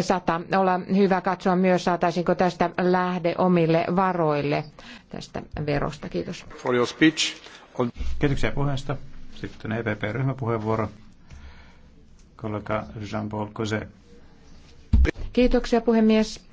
sata olla hyvä katsoa myös, saataisinko tästä lähde omille varoille tästä verosta. Kiitos. For your speech. On... Kiitoksia puheesta. Sitten EPP-ryhmäpuheenvuoro. Kollega Jean-Paul Cosé. Kiitoksia puhemies.